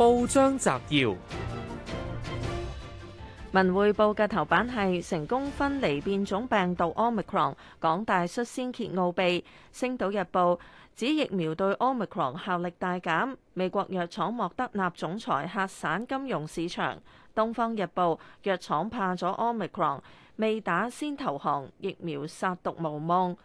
報章摘要：文匯報嘅頭版係成功分離變種病毒 Omicron，港大率先揭奧秘。星島日報指疫苗對 Omicron 效力大減。美國藥廠莫德納總裁嚇散金融市場。東方日報藥廠怕咗 Omicron，未打先投降，疫苗殺毒無望。.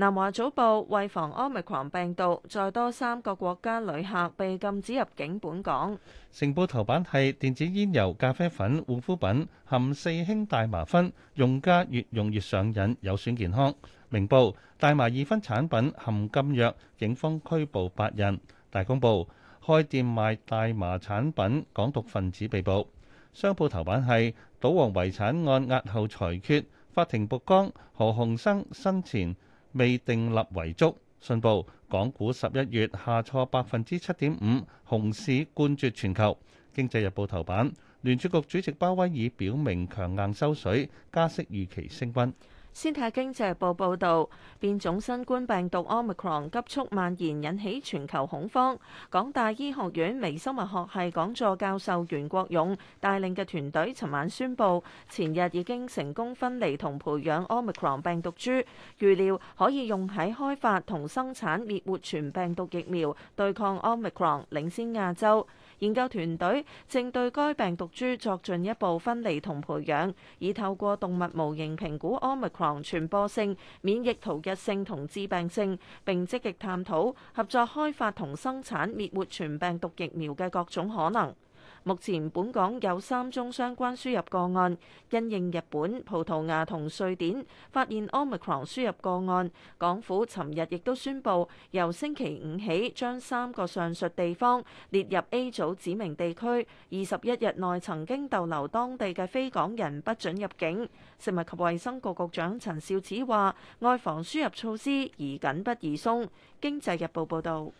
南華早報，為防 Omicron 病毒，再多三個國家旅客被禁止入境本港。成報頭版係電子煙油、咖啡粉、護膚品含四氫大麻酚，用家越用越上癮，有損健康。明報大麻二酚產品含禁藥，警方拘捕八人。大公報開店賣大麻產品，港獨分子被捕。商報頭版係賭王遺產案押後裁決，法庭曝光何鴻燊生前未訂立遺囑。信報，港股十一月下挫百分之七點五，熊市冠絕全球。經濟日報頭版，聯儲局主席鮑威爾表明強硬收水，加息預期升溫。《先睇經濟報》報導，變種新冠病毒 Omicron 急速蔓延，引起全球恐慌。港大醫學院微生物學系講座教授袁國勇帶領嘅團隊，尋晚宣布，前日已經成功分離同培養 Omicron 病毒株，預料可以用喺開發同生產滅活全病毒疫苗，對抗 Omicron，領先亞洲。研究團隊正對該病毒株作進一步分離同培養，以透過動物模型評估 Omicron 傳播性、免疫逃逸性同致病性，並積極探討合作開發同生產滅活全病毒疫苗嘅各種可能。目前本港有三宗相關輸入個案，因應日本、葡萄牙同瑞典發現 Omicron 輸入個案，港府尋日亦都宣布，由星期五起將三個上述地方列入 A 組指明地區，二十一日內曾經逗留當地嘅非港人不准入境。食物及衛生局局長陳肇始話：外防輸入措施宜緊不宜鬆。經濟日報報導。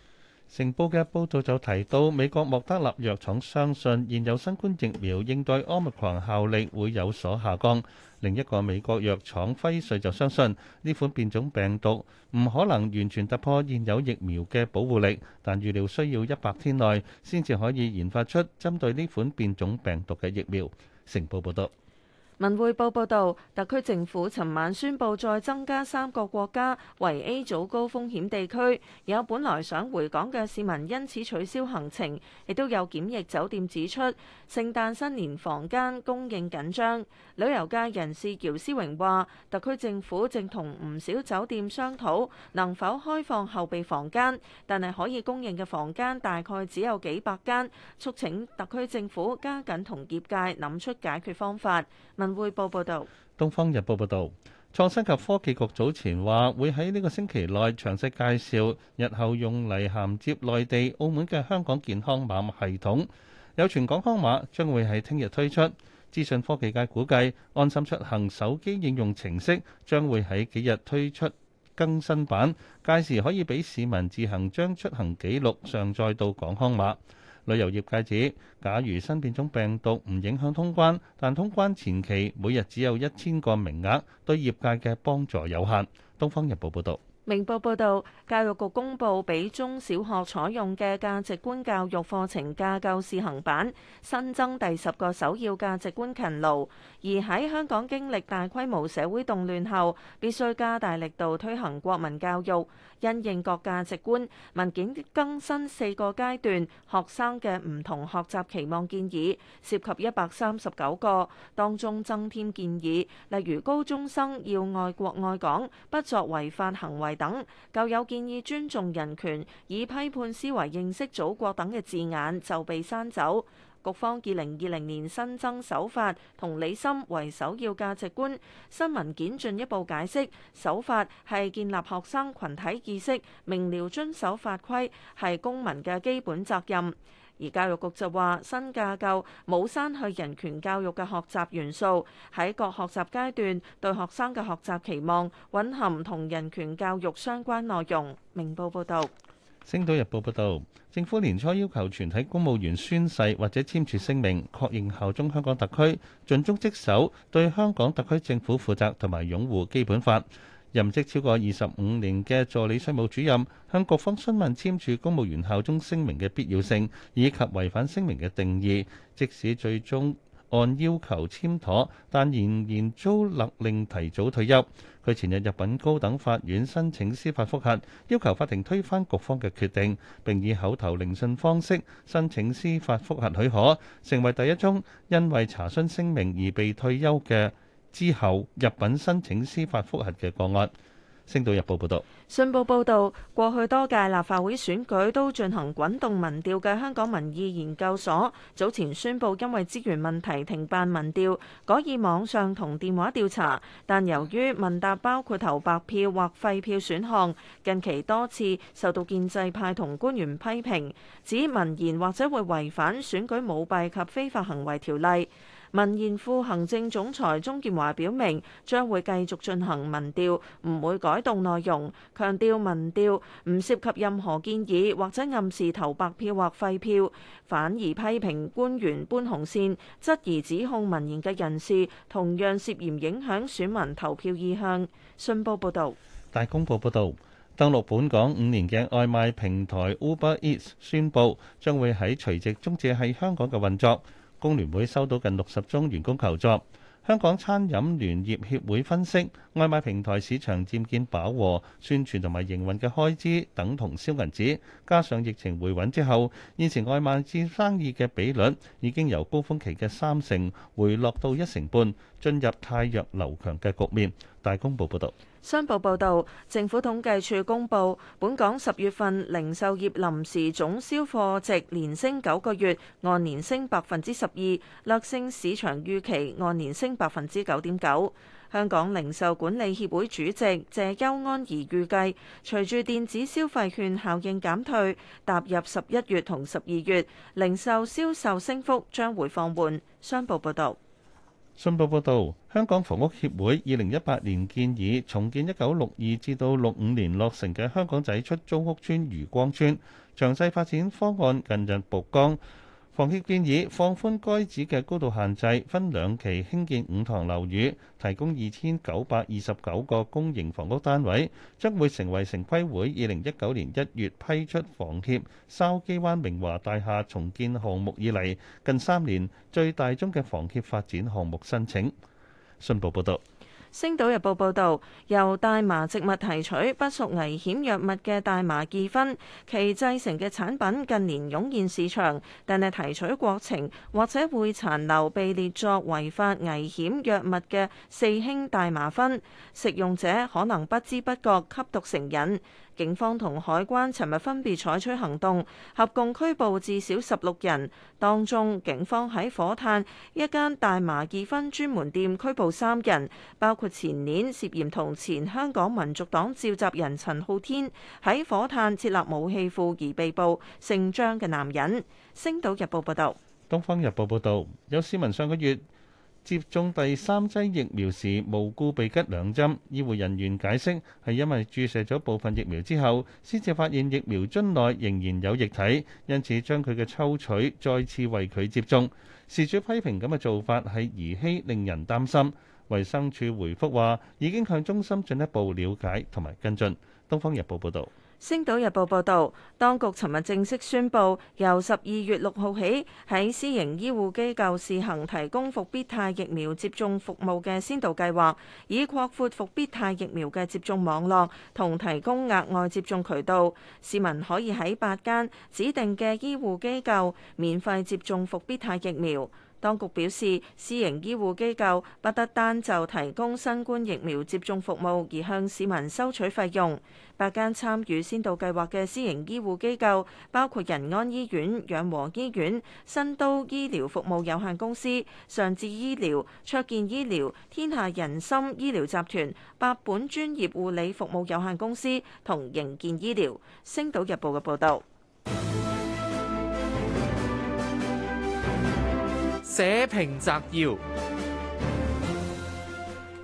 成報嘅報導就提到，美國莫德納藥廠相信現有新冠疫苗應對奧密克戎效力會有所下降。另一個美國藥廠輝瑞就相信呢款變種病毒唔可能完全突破現有疫苗嘅保護力，但預料需要一百天內先至可以研發出針對呢款變種病毒嘅疫苗。成報報導。文匯報報道，特區政府尋晚宣布，再增加三個國家為 A 組高風險地區，有本來想回港嘅市民因此取消行程，亦都有檢疫酒店指出聖誕新年房間供應緊張。旅遊界人士姚思榮話，特區政府正同唔少酒店商討能否開放後備房間，但係可以供應嘅房間大概只有幾百間，促請特區政府加緊同業界諗出解決方法。匯報報導，《東方日報》報導，創新及科技局早前話會喺呢個星期內詳細介紹，日後用嚟銜接內地、澳門嘅香港健康碼系統。有傳港康碼將會喺聽日推出。資訊科技界估計，安心出行手機應用程式將會喺幾日推出更新版，屆時可以俾市民自行將出行記錄上載到港康碼。旅遊業界指，假如新變種病毒唔影響通關，但通關前期每日只有一千個名額，對業界嘅幫助有限。《東方日報》報導。明報報道，教育局公布，俾中小學採用嘅價值觀教育課程架構試行版，新增第十個首要價值觀勤勞。而喺香港經歷大規模社會動亂後，必須加大力度推行國民教育，因應各價值觀。文件更新四個階段學生嘅唔同學習期望建議，涉及一百三十九個，當中增添建議，例如高中生要愛國愛港，不作違法行為。等舊有建議尊重人權、以批判思維認識祖國等嘅字眼就被刪走。局方二零二零年新增守法同理心為首要價值觀，新文件進一步解釋守法係建立學生群體意識，明瞭遵守法規係公民嘅基本責任。而教育局就話新架構冇刪去人權教育嘅學習元素，喺各學習階段對學生嘅學習期望蘊含同人權教育相關內容。明報報道。《星島日報》報道，政府年初要求全體公務員宣誓或者簽署聲明，確認效忠香港特區、盡忠職守、對香港特區政府負責同埋擁護基本法。任職超過二十五年嘅助理稅務主任向各方詢問簽署公務員效忠聲明嘅必要性，以及違反聲明嘅定義，即使最終。按要求簽妥，但仍然遭勒令提早退休。佢前日入禀高等法院申請司法覆核，要求法庭推翻局方嘅決定，並以口頭聆訊方式申請司法覆核許可，成為第一宗因為查詢聲明而被退休嘅之後入禀申請司法覆核嘅個案。星島日報報導，信報報導，過去多屆立法會選舉都進行滾動民調嘅香港民意研究所，早前宣布因為資源問題停辦民調，改以網上同電話調查。但由於問答包括投白票或廢票選項，近期多次受到建制派同官員批評，指民研或者會違反選舉舞弊及非法行為條例。民研副行政總裁鍾健華表明，將會繼續進行民調，唔會改動內容，強調民調唔涉及任何建議或者暗示投白票或廢票，反而批評官員搬紅線，質疑指控民研嘅人士同樣涉嫌影響選民投票意向。信報報道，大公報報道，登陸本港五年嘅外賣平台 Uber Eats 宣布，將會喺除夕終止喺香港嘅運作。工聯會收到近六十宗員工求助。香港餐飲聯業協會分析。外賣平台市場漸見飽和，宣傳同埋營運嘅開支等同燒銀紙。加上疫情回穩之後，現時外賣佔生意嘅比率已經由高峰期嘅三成回落到一成半，進入汰弱留強嘅局面。大公報報道。商報報道，政府統計處公布，本港十月份零售業臨時總銷貨值連升九個月，按年升百分之十二，略勝市場預期按年升百分之九點九。香港零售管理協會主席謝邱安儀預計，隨住電子消費券效應減退，踏入十一月同十二月，零售銷售升幅將會放緩，商報報道。信報報道，香港房屋協會二零一八年建議重建一九六二至到六五年落成嘅香港仔出租屋邨漁光邨，詳細發展方案近日曝光。房協建議放寬該址嘅高度限制，分兩期興建五幢樓宇，提供二千九百二十九個公營房屋單位，將會成為城規會二零一九年一月批出房協筲箕灣明華大廈重建項目以嚟近三年最大宗嘅房協發展項目申請。信報報道。星島日報報導，由大麻植物提取不屬危險藥物嘅大麻二酚，其製成嘅產品近年湧現市場，但係提取過程或者會殘留被列作違法危險藥物嘅四氫大麻酚，食用者可能不知不覺吸毒成癮。警方同海關尋日分別採取行動，合共拘捕至少十六人。當中，警方喺火炭一間大麻二酚專門店拘捕三人，包括前年涉嫌同前香港民族黨召集人陳浩天喺火炭設立武器庫而被捕、姓張嘅男人。星島日報報道。東方日報報道，有市民上個月。接種第三劑疫苗時無故被吉兩針，醫護人員解釋係因為注射咗部分疫苗之後，先至發現疫苗樽內仍然有液體，因此將佢嘅抽取再次為佢接種。事主批評咁嘅做法係兒戲，令人擔心。衛生署回覆話，已經向中心進一步了解同埋跟進。《東方日報》報道。星島日報報導，當局尋日正式宣布，由十二月六號起喺私營醫護機構試行提供復必泰疫苗接種服務嘅先導計劃，以擴闊復必泰疫苗嘅接種網絡同提供額外接種渠道。市民可以喺八間指定嘅醫護機構免費接種復必泰疫苗。當局表示，私營醫護機構不得單就提供新冠疫苗接種服務而向市民收取費用。八間參與先導計劃嘅私營醫護機構，包括仁安醫院、養和醫院、新都醫療服務有限公司、尚智醫療、卓健醫療、天下人心醫療集團、百本專業護理服務有限公司同盈健醫療。星島日報嘅報導。社評摘要：《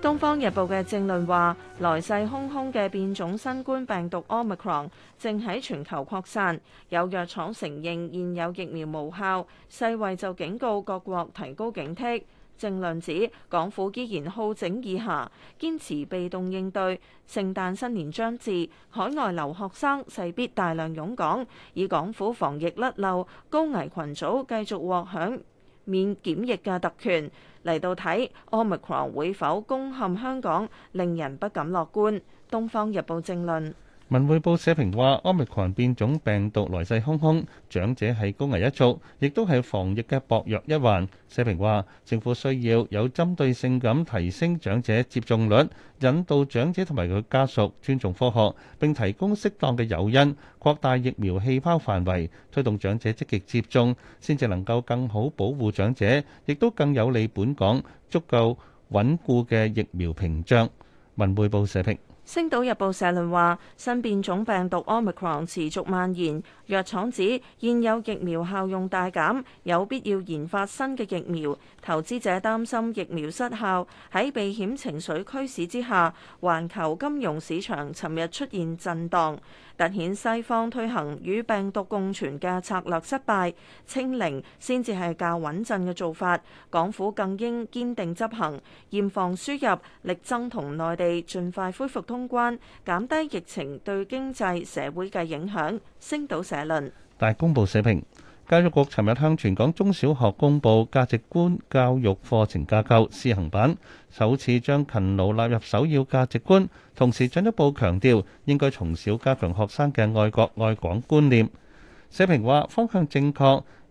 東方日報》嘅政論話：來勢洶洶嘅變種新冠病毒 Omicron 正喺全球擴散，有藥廠承認現有疫苗無效，世衛就警告各國提高警惕。政論指，港府依然好整以暇，堅持被動應對。聖誕新年將至，海外留學生勢必大量湧港，以港府防疫甩漏高危群組繼續獲享。免檢疫嘅特權嚟到睇，Omicron 會否攻陷香港，令人不敢樂觀。《東方日報》正論。文匯報社評話,奧密克戎變種病毒來勢洶洶,長者係高危一族,亦都係防疫嘅薄弱一環,社評話,政府需要有針對性咁提升長者接種率,引導長者同埋佢家屬尊重科學,並提供適當嘅誘因,擴大疫苗氣泡範圍,推動長者積極接種,先至能夠更好保護長者,亦都更有利本港足夠穩固嘅疫苗屏障,文匯報社評《星島日報》社論話：新變種病毒 Omicron 持續蔓延，藥廠指現有疫苗效用大減，有必要研發新嘅疫苗。投資者擔心疫苗失效，喺避險情緒驅使之下，環球金融市場尋日出現震盪。突顯西方推行與病毒共存嘅策略失敗，清零先至係較穩陣嘅做法。港府更應堅定執行，嚴防輸入，力爭同內地盡快恢復通關，減低疫情對經濟社會嘅影響。星島社論。大公報社評。教育局尋日向全港中小學公布價值觀教育課程架構試行版，首次將勤勞納入首要價值觀，同時進一步強調應該從小加強學生嘅愛國愛港觀念。社評話方向正確，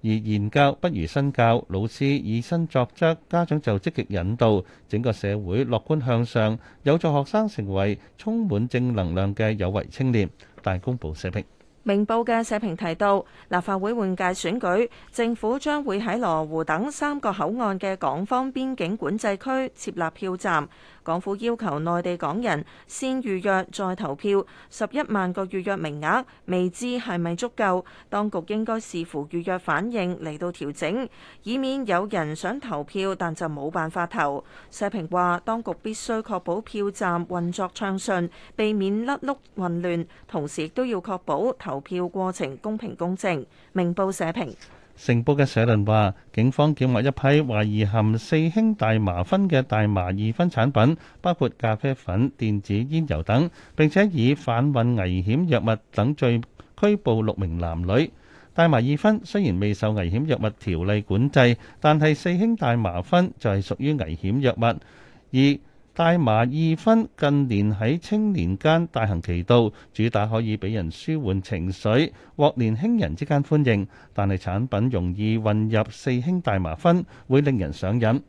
而言教不如身教，老師以身作則，家長就積極引導，整個社會樂觀向上，有助學生成為充滿正能量嘅有為青年。大公報社評。明報嘅社評提到，立法會換屆選舉，政府將會喺羅湖等三個口岸嘅港方邊境管制區設立票站。港府要求內地港人先預約再投票，十一萬個預約名額未知係咪足夠？當局應該視乎預約反應嚟到調整，以免有人想投票但就冇辦法投。社評話，當局必須確保票站運作暢順，避免甩碌混亂，同時亦都要確保投投票過程公平公正，明報社評。成報嘅社論話，警方檢獲一批懷疑含四氫大麻酚嘅大麻二酚產品，包括咖啡粉、電子煙油等，並且以販運危險藥物等罪拘捕六名男女。大麻二酚雖然未受危險藥物條例管制，但係四氫大麻酚就係屬於危險藥物。二大麻二酚近年喺青年間大行其道，主打可以俾人舒緩情緒，獲年輕人之間歡迎。但係產品容易混入四氫大麻酚，會令人上癮。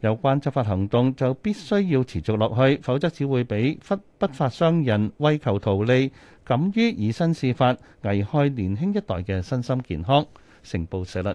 有關執法行動就必須要持續落去，否則只會俾不不法商人為求圖利，敢於以身試法，危害年輕一代嘅身心健康。成報社》。啦。